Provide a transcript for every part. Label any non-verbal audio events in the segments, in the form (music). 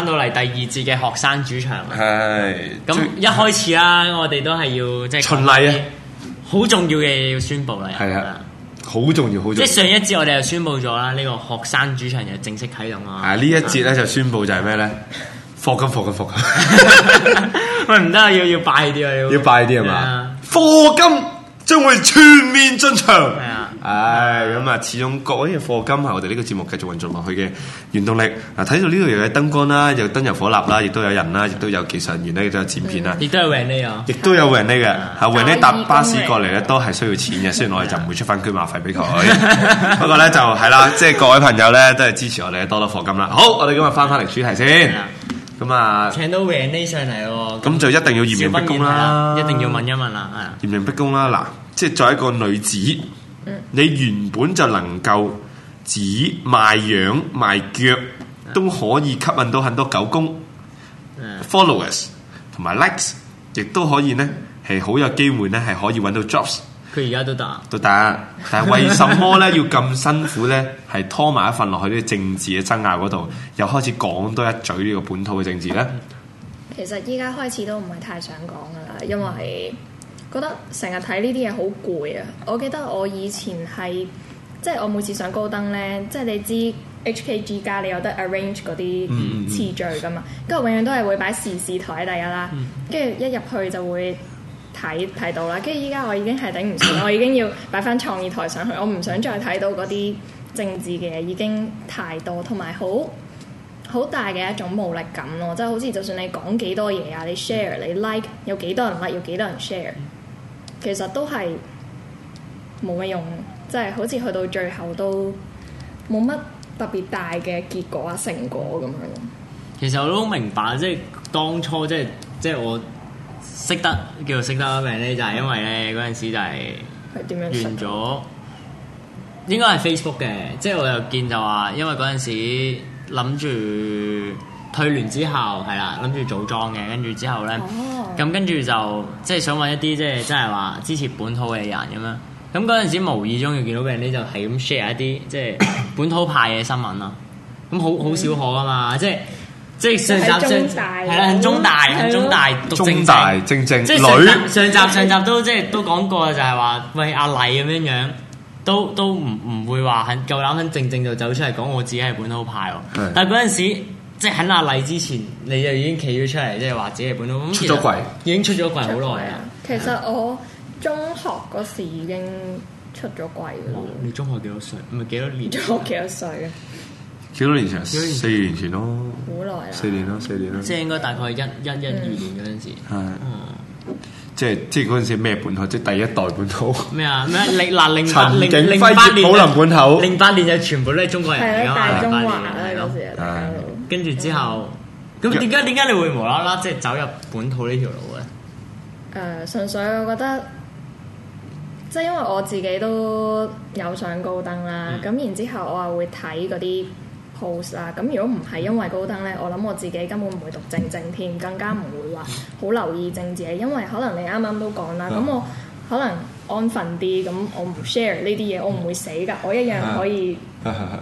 翻到嚟第二節嘅學生主場，係咁是一開始啦，我哋都係要即係循例啊，好重要嘅嘢要宣布啦，係啊，好重要好重要。即係上一節我哋就宣布咗啦，呢個學生主場就正式啟動啦。啊呢一節咧就宣布就係咩咧？課金課金課，喂唔得，要要快啲啊，要要快啲係嘛？課的金將會全面進場。唉，咁啊，始終各位嘅課金係我哋呢個節目繼續運作落去嘅原動力。嗱，睇到呢度又有燈光啦，有燈油火蠟啦，亦都有人啦，亦都有技術員咧，亦都有剪片啦，亦都有 Renee 啊，亦都有 Renee 嘅，搭巴士過嚟咧，都係需要錢嘅。雖然我哋就唔會出翻捐馬費俾佢， (laughs) 不過咧就係啦、嗯，即係各位朋友咧都係支持我哋多多課金啦。好，我哋今日翻返嚟主題先，咁啊、嗯，那請到 Renee 上嚟喎，咁就一定要嚴刑逼供啦，一定要問一問嚴啦，嚴刑逼供啦，嗱，即係作為一個女子。你原本就能夠指、賣樣賣腳都可以吸引到很多狗公、嗯、followers 同埋 likes，亦都可以呢，係好有機會呢，係可以揾到 jobs。佢而家都得打，都得。但係為什麼呢 (laughs) 要咁辛苦呢，係拖埋一份落去啲政治嘅爭拗嗰度，又開始講多一嘴呢個本土嘅政治呢。其實依家開始都唔係太想講噶啦，因為。覺得成日睇呢啲嘢好攰啊！我記得我以前係即係我每次上高登呢，即係你知 H K G 加你有得 arrange 嗰啲次序噶嘛，跟住、mm hmm. 永遠都係會擺時事台喺第一啦。跟住、mm hmm. 一入去就會睇睇到啦。跟住依家我已經係頂唔順， (coughs) 我已經要擺翻創意台上去，我唔想再睇到嗰啲政治嘅嘢已經太多，同埋好好大嘅一種無力感咯。即係好似就算你講幾多嘢啊，你 share 你 like 有幾多人 like 有幾多人 share、mm。Hmm. 其實都係冇乜用，即係好似去到最後都冇乜特別大嘅結果啊，成果咁樣。其實我都好明白，即係當初即係即係我識得叫做識得嗰名咧，就係因為咧嗰陣時就係完咗，應該係 Facebook 嘅，即係我又見就話，因為嗰陣時諗住。退聯之後係啦，諗住組莊嘅，跟住之後咧，咁跟住就即係想揾一啲即係即係話支持本土嘅人咁樣。咁嗰陣時無意中就見到嘅人咧，就係咁 share 一啲即係本土派嘅新聞咯。咁好好少可啊嘛，即係即係上集上係啦，中大，中大，中大，政政，即係上上集上集都即係都講過就係話喂阿麗咁樣樣，都都唔唔會話很夠膽很正正就走出嚟講我自己係本土派喎。但係嗰陣時。即係喺阿麗之前，你就已經企咗出嚟，即係話自己本土，出咗櫃，已經出咗櫃好耐啊！其實我中學嗰時已經出咗櫃啦。你中學幾多歲？唔係幾多年？中學幾多歲啊？幾多年前啊？四年前咯，好耐啦，四年啦，四年啦。即係應該大概一一一二年嗰陣時，即係即係嗰陣時咩本土？即係第一代本土咩啊？咩零嗱零零零零八年好林本土，零八年就全部都係中國人啦，大中華。跟住之後，咁點解點解你會無啦啦即係走入本土呢條路嘅？誒、呃，純粹我覺得，即係因為我自己都有上高登啦，咁、嗯、然之後，後我又會睇嗰啲 post 啦。咁如果唔係因為高登咧，我諗我自己根本唔會讀政政添，更加唔會話好留意政治嘅。因為可能你啱啱都講啦，咁、嗯嗯、我可能安分啲，咁我唔 share 呢啲嘢，我唔會死噶，我一樣可以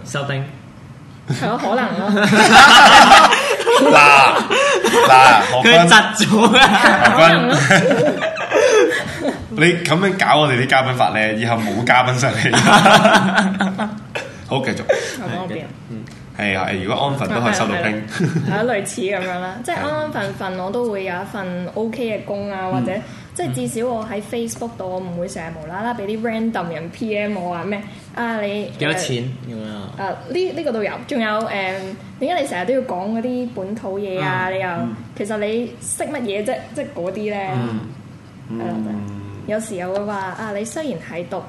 收丁、嗯。嗯。係咯， (laughs) 可能咯。嗱嗱，佢窒咗啦。可你咁樣搞我哋啲嘉賓法咧，以後冇嘉賓上嚟。 (laughs) 好，繼續。嗯，係啊，如果安分都可以收到兵，係、 (laughs) 嗯、類似咁樣啦。 (laughs) 即係安安分分，我都會有一份 O K 嘅工啊，或者。嗯即係至少我喺 Facebook 度，我唔會成日無啦啦俾啲 random 人 PM 我話咩啊你幾多錢咁樣啊？呢呢、啊啊呢個都有，仲有誒點解你成日都要講嗰啲本土嘢啊？你又其實你識乜嘢啫？即係嗰啲咧，有時候會話啊！你雖然係讀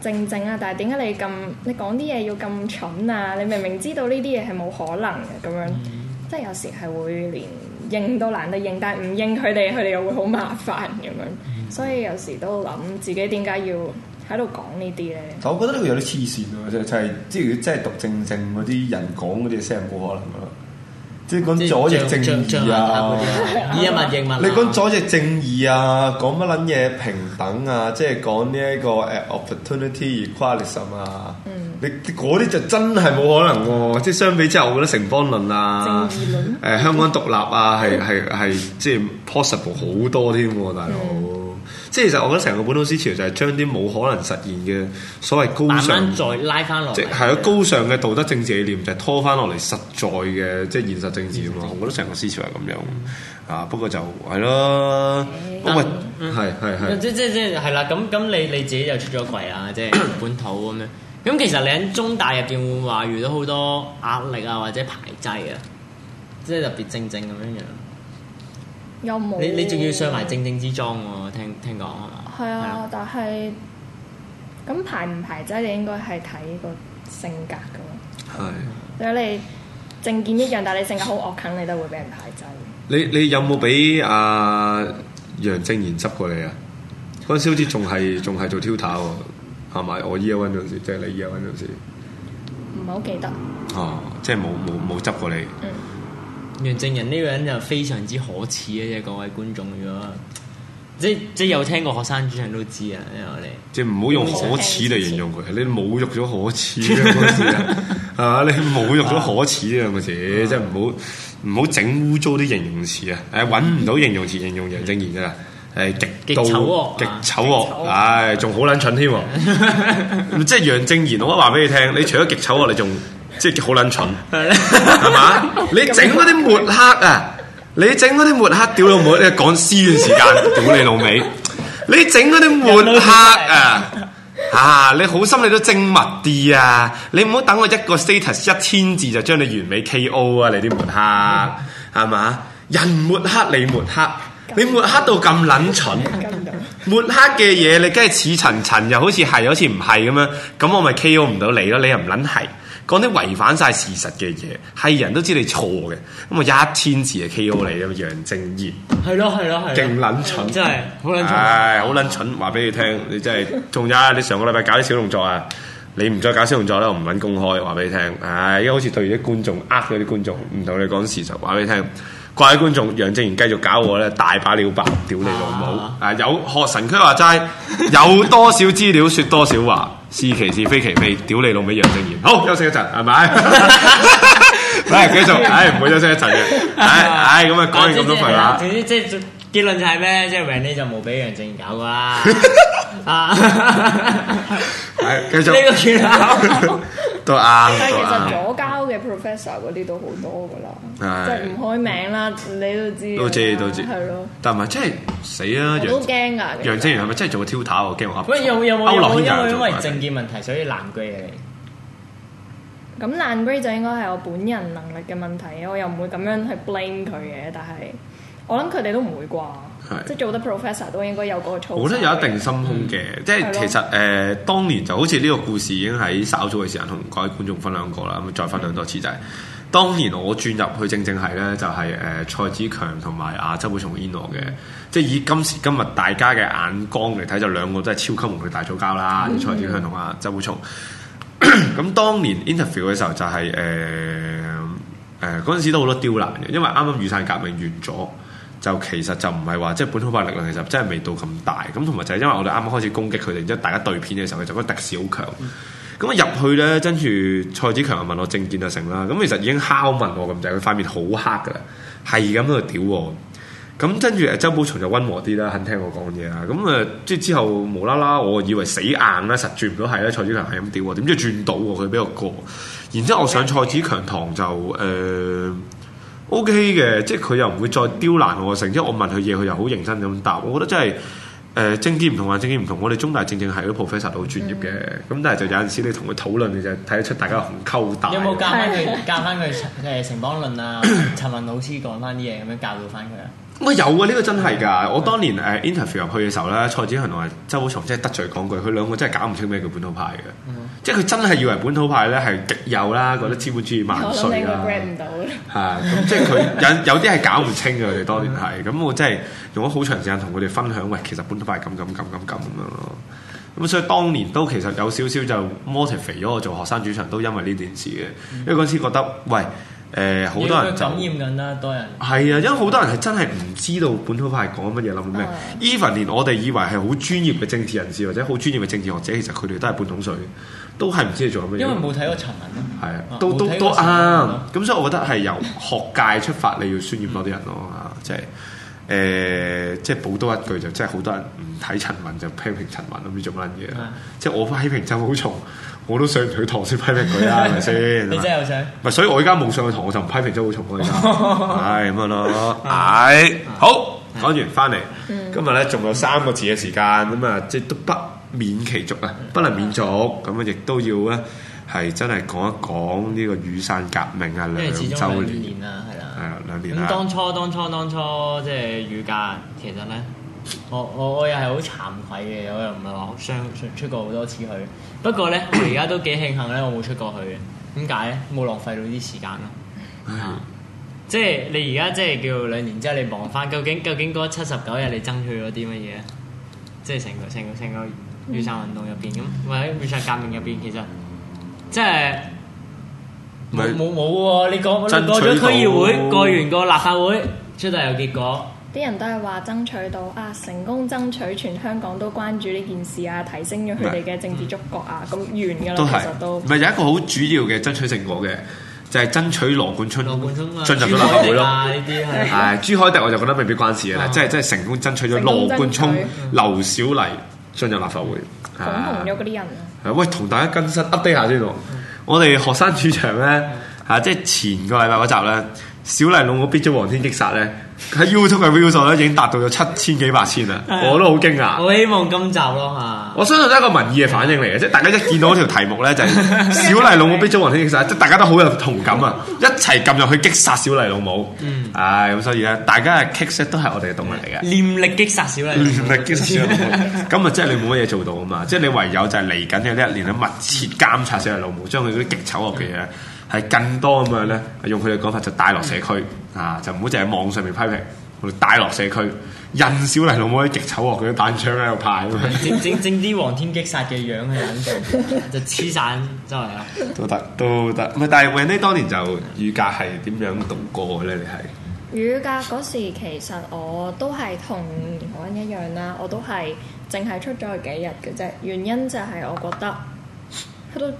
正正啊，但係點解你咁你講啲嘢要咁蠢啊？你明明知道呢啲嘢係冇可能嘅咁樣，嗯、即係有時係會連。應都難得應，但係唔應佢哋，佢哋又會好麻煩咁樣，嗯、所以有時都諗自己點解要喺度講呢啲咧？我覺得呢樣有啲黐線咯，就是、就係即係即係讀正正嗰啲人講嗰啲聲冇可能，即係講左翼正義啊，以民應民。你講左翼正義啊，講乜撚嘢平等啊，即係講呢一個誒 opportunity quality 啊。嗯你嗰啲就真係冇可能喎！即係相比之後，我覺得城邦論啊，誒香港獨立啊，係係係即係 possible 好多添，大佬。即係其實我覺得成個本土思潮就係將啲冇可能實現嘅所謂高尚，再拉翻落嚟，係嗰高尚嘅道德政治理念就拖翻落嚟實在嘅即係現實政治。我覺得成個思潮係咁樣啊，不過就係咯，咁係係係即即即係啦。咁咁你你自己又出咗櫃啊？即係本土咁樣。咁其實你喺中大入邊會唔會話遇到好多壓力啊，或者排擠啊，即係特別正正咁樣樣。有冇？你你仲要上埋正正之裝喎？啊，聽聽講係嘛？係啊，啊但係咁排唔排擠，你應該係睇個性格噶嘛？係啊。如果你證件一樣，但係你性格好惡狠，你都會俾人排擠。 (laughs) 你你有冇俾阿楊正賢執過你啊？嗰陣時好似仲係仲係做跳塔喎。係咪？我依家揾到時，即係你依家揾到時，唔好記得。哦，即係冇冇冇執過你。嗯，楊正仁呢個人就非常之可恥啊！即係各位觀眾，如果即即有聽過學生主場都知啊，因為我哋即係唔好用可恥嚟形容佢，你侮辱咗可恥 (laughs) 啊！你侮辱咗可恥個時啊！乜嘢？即係唔好唔好整污糟啲形容詞啊！誒，揾唔到形容詞、嗯嗯、形容楊正仁啊！係極到極醜惡，唉，仲好撚蠢添，即係楊政賢，我話俾你聽，你除咗極醜惡，你仲即係好撚蠢，係嘛？你整嗰啲抹黑啊，你整嗰啲抹黑，屌老妹，你講私怨時間，屌你老味。你整嗰啲抹黑啊，啊，你好心你都精密啲啊，你唔好等我一個 status 一千字就將你完美 K O 啊，你啲抹黑，係嘛？人抹黑你抹黑。你抹黑到咁撚蠢， (music) 抹黑嘅嘢你梗係似層層，又好似係又好似唔係咁樣，咁我咪 K.O. 唔到你咯，你又唔撚係，講啲違反晒事實嘅嘢，係人都知你錯嘅，咁我一千字啊 K.O. 你咁啊、嗯、楊正義，係咯係咯係，勁撚蠢真係好撚蠢，唉，好撚蠢，話俾、哎、 (laughs) 你聽，你真係仲有你上個禮拜搞啲小動作啊，你唔再搞小動作啦、啊，我唔撚公開話俾你聽，唉、哎，因為好似對住啲觀眾呃咗啲觀眾，唔同你講事實話俾你聽。各位觀眾楊正賢繼續搞我咧，大把料白，屌你老母！解啊，啊，有學神區話齋，有多少資料說多少話，是其是非其非，屌你老味楊正賢。好，休息一陣，係咪？繼、 (laughs) (laughs) 哎、續，唉、哎，唔會休息一陣嘅，唉、哎、唉，咁啊、 (laughs) 哎，講、哎、完咁多份啦。總之、 (laughs) (laughs) 哎，即係結論就係咩？即係 Renee 就冇俾楊正賢搞啩。啊，繼續。呢個都啱。嘅 professor 嗰啲都好多噶啦，即係唔開名啦，你都知。多謝多謝，係咯。但唔係真係死啊！好驚噶，楊靜怡係咪真係做個 tutor 喎？驚我。喂，有冇有冇有冇因為政見問題所以爛 grade 嚟？咁爛 grade 就應該係我本人能力嘅問題，我又唔會咁樣去 blame 佢嘅。但係我諗佢哋都唔會啩。 (music) 即係做得 professor 都應該有嗰個操。我覺得有一定心胸嘅，嗯、即係其實誒了、呃、當年就好似呢個故事已經喺稍早嘅時間同各位觀眾分享過啦，咁再分享多次就係、是、當年我轉入去正正係咧就係、是、誒、呃、蔡子強同埋阿周寶松 inter 嘅，即係以今時今日大家嘅眼光嚟睇，就兩個都係超級紅嘅大左膠啦，嗯、蔡子強同阿周寶松。咁當年 interview 嘅時候就係誒誒嗰陣時都好多刁難嘅，因為啱啱雨傘革命完咗。完就其實就唔係話即係本土化力量其實真係未到咁大咁，同埋就係因為我哋啱啱開始攻擊佢哋，然之後大家對片嘅時候，佢就個敵勢好強。咁入、嗯、去咧，跟住蔡子強就問我政見就成啦。咁其實已經敲問我咁滯，佢塊面好黑噶啦，係咁喺度屌我。咁跟住周寶松就溫和啲啦，肯聽我講嘢啦。咁誒即係之後無啦啦，我以為死硬啦，實轉唔到係啦。蔡子強係咁屌我，點知轉到喎？佢俾我過。然之後我上蔡子強堂就誒。呃 O K 嘅，即係佢又唔會再刁難我成，即係我問佢嘢，佢又好認真咁答。我覺得真係誒政見唔同話政見唔同，我哋中大正正係個 professor 都好專業嘅。咁、嗯、但係就有陣時你同佢討論你就睇、是、得出大家好溝答、嗯、有冇教翻佢？教翻佢誒《城邦論》啊？ (coughs) 陳文老師講翻啲嘢，咁樣教到翻佢啊？我、嗯、有啊！呢、這個真係㗎。嗯、我當年誒 interview 入去嘅時候咧，嗯、蔡子強同埋周保松真係得罪講句，佢兩個真係搞唔清咩叫本土派嘅。嗯、即係佢真係以為本土派咧係極右啦，覺得資本主義萬歲啦。嚇！咁即係佢有有啲係搞唔清嘅。佢哋當年係咁，嗯嗯、我真係用咗好長時間同佢哋分享。喂，其實本土派係咁咁咁咁咁咁咯。咁所以當年都其實有少少就 mortify 咗我做學生主場，都因為呢件事嘅。嗯、因為嗰時覺得喂。誒好多人就感染緊啦，多人係啊，因為好多人係真係唔知道本土派講乜嘢諗咩，even 連我哋以為係好專業嘅政治人士或者好專業嘅政治學者，其實佢哋都係半桶水，都係唔知佢做緊乜嘢。因為冇睇過陳雲，咯，係啊，都都都啱。咁所以，我覺得係由學界出發，你要宣傳多啲人咯啊，即係誒，即係補多一句，就即係好多人唔睇陳雲，就批評陳雲，唔知做乜嘢，即係我批起評就好重。我都上唔去堂先批評佢啊，係咪先？你真係好想！唔係，所以我而家冇上去堂，我就唔批評咗好重。依家係咁啊咯，唉！好，講完翻嚟，今日咧仲有三個字嘅時間，咁啊即係都不免其俗啊，不能免俗，咁啊亦都要咧係真係講一講呢個雨傘革命啊兩周年啊，係啦，係啦，兩年啦。咁當初當初當初即係雨傘，其實咧。我我我又係好慚愧嘅，我又唔係話上上出過好多次去。不過咧，我而家都幾慶幸咧，我冇出過去。點解咧？冇浪費到啲時間咯。Uh huh. 即係你而家即係叫兩年之後，你望翻究竟究竟嗰七十九日你爭取咗啲乜嘢？即係成個成個成個雨傘運動入邊，咁或者雨傘革命入邊，其實即係冇冇冇，你講過咗區議會，過完個立法會，出嚟有結果。啲人都係話爭取到啊，成功爭取全香港都關注呢件事啊，提升咗佢哋嘅政治觸覺啊，咁完㗎啦，其實都唔係有一個好主要嘅爭取成果嘅，就係爭取羅冠聰進入咗立法會咯。係朱凱迪我就覺得未必關事嘅，即係即係成功爭取咗羅冠聰、劉小麗進入立法會。捧紅咗嗰啲人啊，喂，同大家更新 update 下呢度，我哋學生主場咧嚇，即係前個禮拜嗰集咧。小麗老母逼咗黃天擊殺咧，喺 YouTube 嘅 view 數咧已經達到咗七千幾百千啦，我都好驚訝。我希望今集咯吓，我相信都係一個民意嘅反應嚟嘅即係大家一見到條題目咧就係小麗老母逼咗黃天擊殺，即係大家都好有同感啊，一齊撳入去擊殺小麗老母。唉，咁所以咧，大家嘅擊殺都係我哋嘅動力嚟嘅，念力擊殺小麗老母，念力擊殺小麗老母，咁啊，即係你冇乜嘢做到啊嘛，即係你唯有就係嚟緊嘅呢一年咧，密切監察小麗老母，將佢嗰啲極醜惡嘅嘢。係更多咁樣咧，用佢哋講法就帶落社區、嗯、啊，就唔好淨係網上面批評，我哋帶落社區。印小麗老母啲極醜惡，佢啲彈槍喺度派，正正啲黃天擊殺嘅樣引導， (laughs) 就黐散真係啦。都得都得，唔係，但係 Renee 當年就雨傘係點樣度過嘅咧？你係雨傘嗰時，其實我都係同我一樣啦，我都係淨係出咗幾日嘅啫。原因就係我覺得佢都。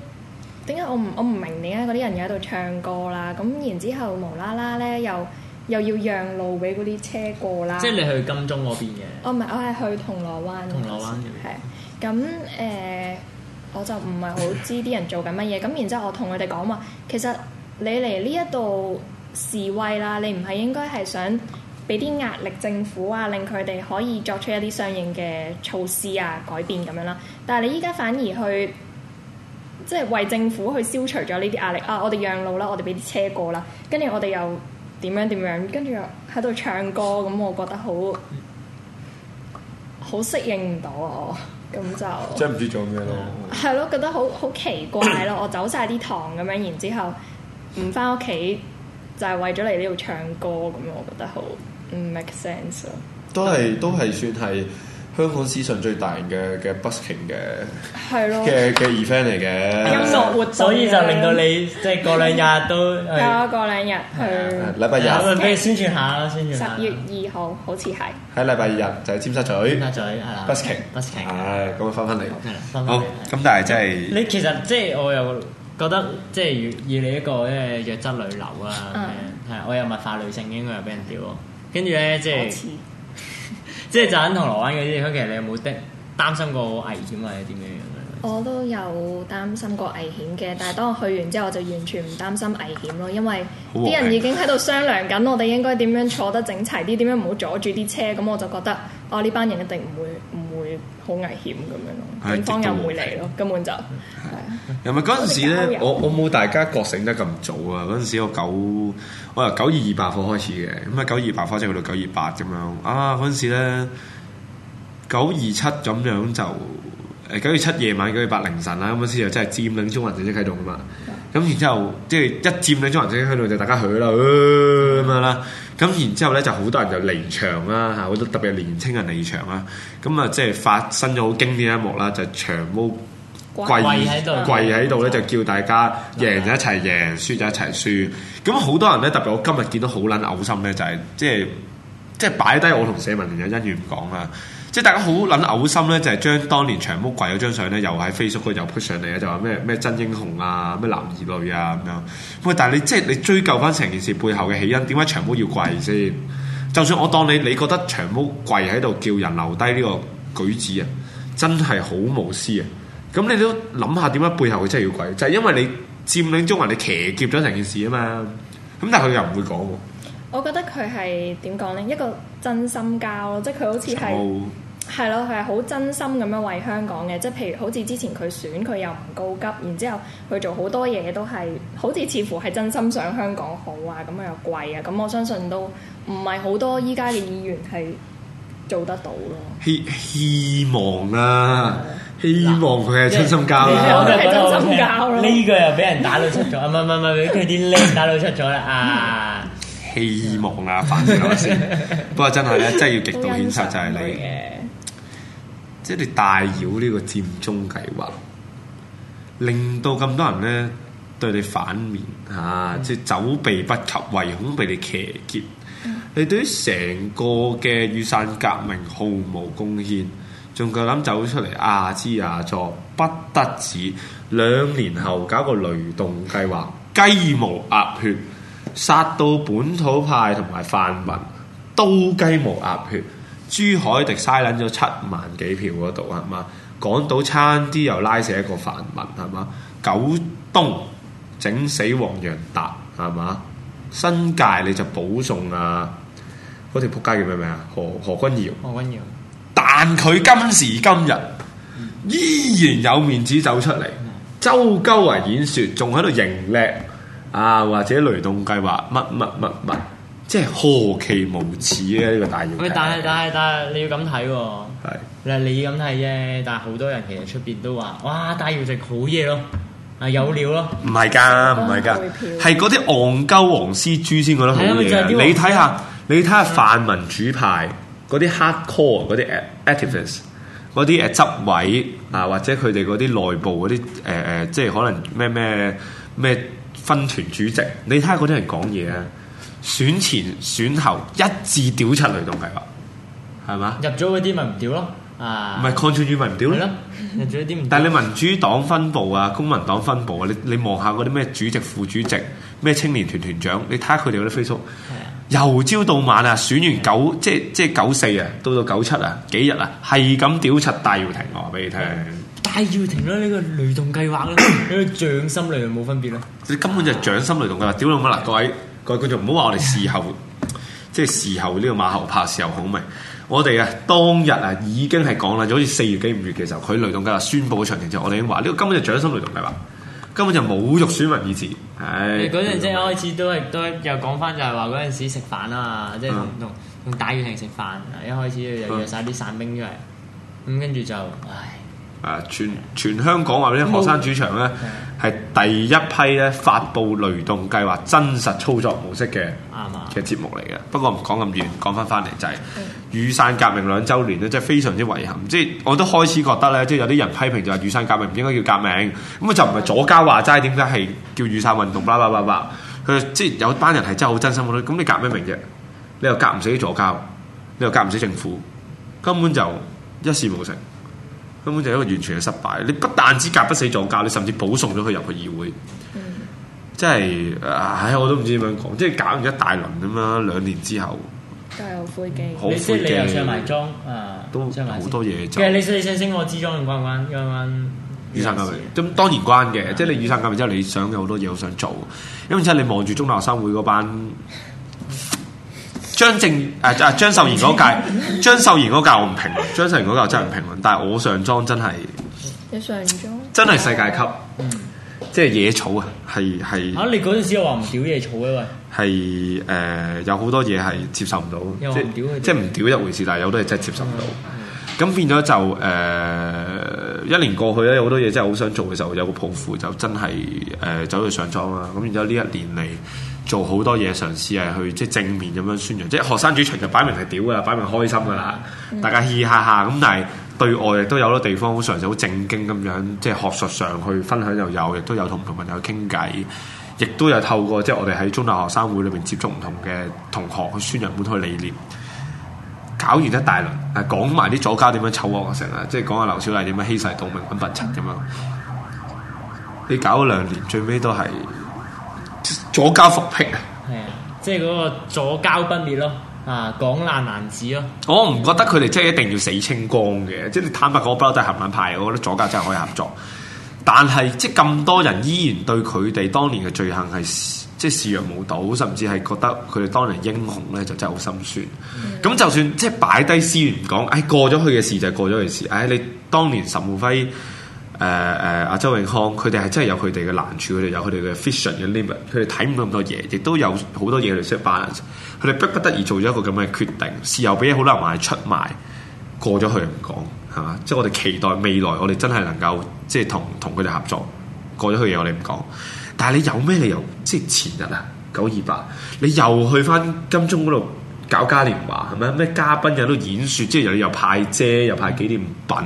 點解我唔我唔明點解嗰啲人又喺度唱歌啦？咁然之後，無啦啦咧，又又要讓路俾嗰啲車過啦？即係你去金鐘嗰邊嘅？哦，唔係，我係去銅鑼灣。銅鑼灣嘅。係。咁誒，呃，我就唔係好知啲人做緊乜嘢。咁 (laughs) 然之後，我同佢哋講話，其實你嚟呢一度示威啦，你唔係應該係想俾啲壓力政府啊，令佢哋可以作出一啲相應嘅措施啊，改變咁樣啦。但係你依家反而去。即係為政府去消除咗呢啲壓力啊！我哋讓路啦，我哋俾啲車過啦。跟住我哋又點樣點樣？跟住又喺度唱歌咁、嗯，我覺得好好適應唔到啊！咁、嗯、就真係唔知做咩咯。係咯、嗯，覺得好好奇怪咯。我走晒啲堂咁樣，然之後唔翻屋企，就係為咗嚟呢度唱歌咁樣、嗯，我覺得好唔 make sense 咯、嗯。都係都係算係。香港史上最大嘅嘅 busking 嘅，係咯嘅嘅 event 嚟嘅，音樂活動，所以就令到你即係過兩日都，係啊過兩日去禮拜日，俾你宣傳下啦，宣傳下。十月二號好似係喺禮拜日就係尖沙咀，尖沙咀係啦，busking busking。唉，咁啊返返嚟，分好，咁但係即係你其實即係我又覺得即係以你一個咧弱質女流啊，係係，我又物化女性應該又俾人屌喎。跟住咧即係。即係就喺銅鑼灣嗰啲地方，其實你有冇的擔心過危險或者點樣樣？我都有擔心過危險嘅，但係當我去完之後，我就完全唔擔心危險咯。因為啲人已經喺度商量緊，我哋應該點樣坐得整齊啲，點樣唔好阻住啲車。咁我就覺得，哦，呢班人一定唔會唔會好危險咁的樣咯，警方又唔會嚟咯，根本就係啊。又咪嗰陣時咧，對我我冇大家覺醒得咁早啊。嗰陣的時我九，我由九二二罷課開始嘅，咁啊九二二罷課先去到九二八咁樣啊。嗰陣時咧，九二七咁樣就。誒九月七夜晚，九月八凌晨啦，咁樣先就真係佔領中環正式啟動噶嘛？咁是然之後，即係一佔領中環正式啟動就大家去啦咁、呃、是樣啦。咁然之後咧，就好多人就離場啦嚇，好多特別係年青人離場啦。咁啊，即係發生咗好經典一幕啦，就長毛跪喺度。跪喺度咧，就叫大家贏就一齊贏，的輸就一齊輸。咁好多人咧，特別我今日見到好撚嘔心咧，就係即係即係擺低我同社民聯嘅恩，恩怨唔講啦。即係大家好撚嘔心咧，就係將當年長毛跪嗰張相咧，又喺 Facebook 又 push 上嚟啊！就話咩咩真英雄啊，咩男兒女啊咁樣。喂，但係你即係你追究翻成件事背後嘅起因，點解長毛要跪先？就算我當你，你覺得長毛跪喺度叫人留低呢個舉止啊，真係好無私啊！咁你都諗下點解背後佢真係要跪？就係因為你佔領中華，你騎劫咗成件事啊嘛！咁但係佢又唔會講喎。我覺得佢係點講呢？一個真心交咯，即係佢好似係係咯，係好噪真心咁樣為香港嘅。即係譬如好似之前佢選，佢又唔高級，然之後佢做好多嘢都係好似似乎係真心想香港好啊，咁啊又貴啊。咁我相信都唔係好多依家嘅議員係做得到咯。希希望啦、啊，嗯、希望佢係真心交啦，真心交咯。呢個又俾人打到出咗 (laughs) 啊！唔唔唔，佢啲令打到出咗啦啊！希望啊，反省吓先， (laughs) 不過真係咧，真係要極度譴責，就係你，即係 (laughs) 你大擾呢個佔中計劃，令到咁多人呢對你反面、嗯、啊，即、就、係、是、走避不及，唯恐被你騎劫。嗯、你對於成個嘅雨傘革命毫無貢獻，仲夠膽走出嚟？亞之亞座不得止。兩年後搞個雷動計劃，雞毛鴨血。嗯殺到本土派同埋泛民，刀雞毛鴨血，珠海迪嘥撚咗七萬幾票嗰度係嘛？港島差啲又拉死一個泛民係嘛？九東整死黃洋達係嘛？新界你就保送啊，嗰條仆街叫咩名啊？何何君堯，何君堯，何君但佢今時今日依然有面子走出嚟，周鳩為演説仲喺度認叻。啊，或者雷動計劃，乜乜乜乜，即係何其無恥啊！呢個大搖，但係但係但係，你要咁睇喎，係，你咁睇啫。但係好多人其實出邊都話，哇！大搖值好嘢咯，係有料咯，唔係㗎，唔係㗎，係嗰啲昂鳩黃絲豬先覺得好嘢。你睇下，你睇下泛民主派嗰啲 hard core 嗰啲 activist 嗰啲執委啊，或者佢哋嗰啲內部嗰啲誒誒，即係可能咩咩咩。分團主席，你睇下嗰啲人講嘢啊！嗯、選前選後，一致屌柒雷動計劃，係嘛？入咗嗰啲咪唔屌咯，啊！唔係抗中主咪唔屌咯，入咗啲唔？但係你民主黨分部啊， (laughs) 公民黨分部啊，你你望下嗰啲咩主席、副主席，咩青年團團長，你睇下佢哋嗰啲 Facebook，由朝到晚啊，選完九、嗯、即係即係九四啊，到到九七啊，幾日啊，係咁屌柒戴耀廷喎，俾你聽。戴耀廷啦，呢個雷動計劃咯，呢個掌心雷又冇分別咯。你根本就掌心雷動計劃，屌講啊？嗱， (coughs) 各位各位觀眾，就唔好話我哋事後，即係事後呢個馬後炮，事後好明。我哋啊當日啊已經係講啦，就好似四月幾五月嘅時候，佢雷動計劃宣布嘅場景之後，我哋已經話呢個根本就掌心雷動計劃？ (coughs) 根本就侮辱選民意志。誒嗰陣即係開始都係都又講翻，就係話嗰陣時食飯啊，即係用用戴耀廷食飯。一開始又約晒啲散兵出嚟，咁跟住就唉。哎哎啊！全全香港話啲學生主場咧，係第一批咧發布雷動計劃真實操作模式嘅嘅節目嚟嘅。不過唔講咁遠，講翻翻嚟就係雨傘革命兩週年咧，即係非常之遺憾。即係我都開始覺得咧，即係有啲人批評就係雨傘革命唔應該叫革命，咁啊就唔係左膠話齋，點解係叫雨傘運動等等等等？叭叭叭叭，佢即係有班人係真係好真心咁你革咩名啫？你又革唔死左膠，你又革唔死政府，根本就一事無成。根本就係一個完全嘅失敗。你不但只夾不死撞教，你甚至保送咗佢入去議會。嗯。即係唉，我都唔知點樣講，即係搞完一大輪咁樣，兩年之後。好灰機。好灰機。你又上埋莊啊？都好多嘢。其實你想想升我資莊關唔關關唔關？雨傘革命。咁當然關嘅，即係你雨傘革命之後，你想有好多嘢好想做，因為真係你望住中大學生會嗰班。張正啊，啊張秀賢嗰屆，張秀賢嗰屆我唔評論，張秀賢嗰屆真係唔評論。但係我上莊真係，你上莊，真係世界級，即係野草啊，係係嚇！你嗰陣時又話唔屌野草嘅喂，係誒、呃、有好多嘢係接受唔到，即係唔屌一回事。但係有好多嘢真係接受唔到，咁、嗯、變咗就誒、呃、一年過去咧，有好多嘢真係好想做嘅時候，有個抱負就真係誒走去上莊啊！咁然之後呢一年嚟。做好多嘢嘗試係去即係正面咁樣宣揚，即係學生主場就擺明係屌㗎，擺明開心㗎啦，嗯、大家嘻嘻哈哈咁。但係對外亦都有多地方，好常就好正經咁樣，即係學術上去分享又有，亦都有同唔同朋友傾偈，亦都有透過即係我哋喺中大學生會裏面接觸唔同嘅同學去宣揚本土嘅理念。搞完一大輪，係講埋啲左膠點樣醜惡成啊！即係講下劉小麗點樣欺世盜名搵笨柒咁樣。嗯、你搞咗兩年，最尾都係。左膠復辟啊！係 (noise) 啊、嗯，即係嗰個左膠不滅咯，啊，港難難止咯。嗯、我唔覺得佢哋真係一定要死清光嘅，即係坦白講，我不嬲都係合眼派，我覺得左膠真係可以合作。但係即係咁多人依然對佢哋當年嘅罪行係即係視若無睹，甚至係覺得佢哋當年英雄咧就真係好心酸。咁、嗯、就算即係擺低私怨講，誒、哎、過咗去嘅事就係過咗嘅事，誒、哎、你當年岑敖暉。誒誒，阿、uh, 呃、周永康佢哋係真係有佢哋嘅難處，佢哋有佢哋嘅 vision 嘅 limit，佢哋睇唔到咁多嘢，亦都有好多嘢嚟 balance，佢哋逼不得已做咗一個咁嘅決定，事後俾好多人話出賣，過咗去唔講，係嘛？即係我哋期待未來，我哋真係能夠即係同同佢哋合作，過咗去嘢我哋唔講。但係你有咩理由？即係前日啊，九二八，你又去翻金鐘嗰度搞嘉年華，係咪咩嘉賓喺都演説？即係又要又派遮，又派紀念品。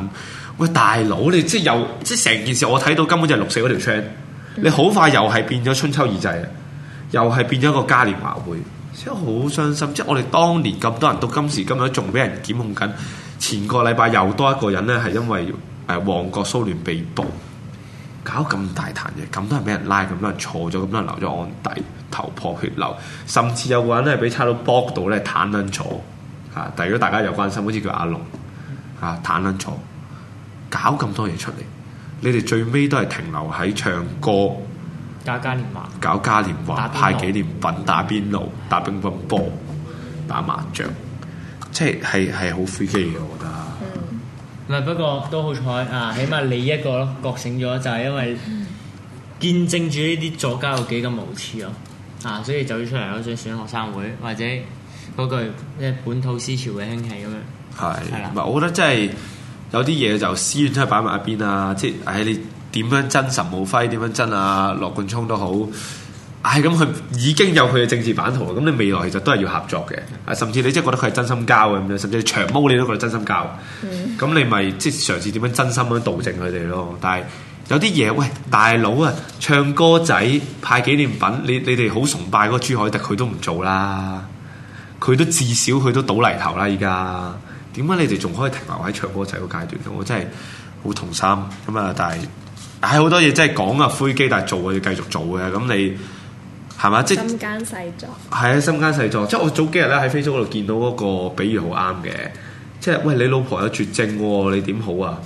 喂，大佬，你即係又即係成件事，我睇到根本就係六四嗰條 chain，你好快又係變咗春秋二祭，又係變咗個嘉年華會，真好傷心。即係我哋當年咁多人，到今時今日仲俾人檢控緊。前個禮拜又多一個人咧，係因為誒旺角騷亂被捕，搞咁大壇嘅，咁多人俾人拉，咁多人錯咗，咁多人留咗案底，頭破血流，甚至有個人咧係俾差佬 b 到咧，攤撚坐嚇。但如果大家有關心，好似叫阿龍嚇，攤撚坐。搞咁多嘢出嚟，你哋最尾都係停留喺唱歌、搞嘉年華、搞嘉年華派紀念品、打邊爐、打乒乓波、打麻將，即係係係好飛機嚟嘅，我覺得。唔係不過都好彩啊，起碼你一個咯覺醒咗，就係因為見證住呢啲左膠有幾咁無恥咯啊，所以就要出嚟咯，想選學生會或者嗰句即係本土思潮嘅興起咁樣。係係啦，唔係我覺得真係。有啲嘢就私怨出係擺埋一邊啊！即係，唉、哎，你點樣真？神武輝？點樣真啊？羅冠聰都好，唉、哎，咁佢已經有佢嘅政治版圖。咁你未來其實都係要合作嘅。甚至你即係覺得佢係真心交嘅咁樣，甚至長毛你都覺得真心交。咁、嗯、你咪即係嘗試點樣真心咁導正佢哋咯。但係有啲嘢，喂，大佬啊，唱歌仔派紀念品，你你哋好崇拜嗰個朱凱迪，佢都唔做啦。佢都至少佢都倒泥頭啦，而家。點解你哋仲可以停埋喎喺唱歌仔個階段？我真係好痛心咁啊！但係喺好多嘢真係講啊灰機，但係做啊要繼續做嘅咁，你係嘛？即係心間細作，係啊！心間細作，即係我早幾日咧喺 Facebook 嗰度見到嗰個比喻好啱嘅，即係喂你老婆有絕症喎、哦，你點好啊？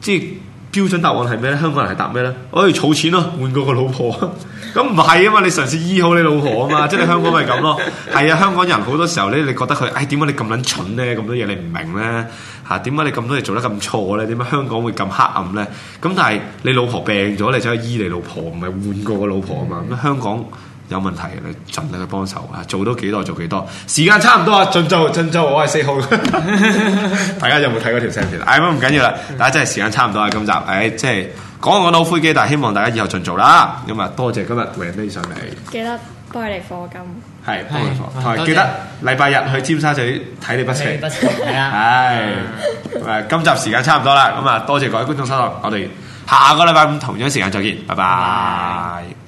即係。標準答案係咩咧？香港人係答咩咧？哎、我哋儲錢咯，換過個老婆。咁唔係啊嘛，你嘗試醫好你老婆啊嘛，即係香港咪咁咯？係啊， (laughs) 香港人好多時候咧，你覺得佢，唉、哎，點解你咁撚蠢咧？咁多嘢你唔明咧嚇？啊、點解你咁多嘢做得咁錯咧？點解香港會咁黑暗咧？咁但係你老婆病咗，你走去醫你老婆，唔係換過個老婆啊嘛？咁香港。有問題，你盡力去幫手啊！做到幾多做幾多，時間差唔多啊！盡做盡做，我係四號， (laughs) 大家有冇睇嗰條聲片？ (laughs) 啦、哎？誒，唔緊要啦，大家真係時間差唔多啦，今集誒即係講完講到灰機，但係希望大家以後盡做啦。咁啊，多謝今日揾你上嚟，記得幫你嚟課金，係幫你課，是記得禮拜謝日去尖沙咀睇你筆錢，係啊，誒，今集時間差唔多啦，咁啊，多謝各位觀眾收看，我哋下個禮拜五同樣時間再見，拜拜。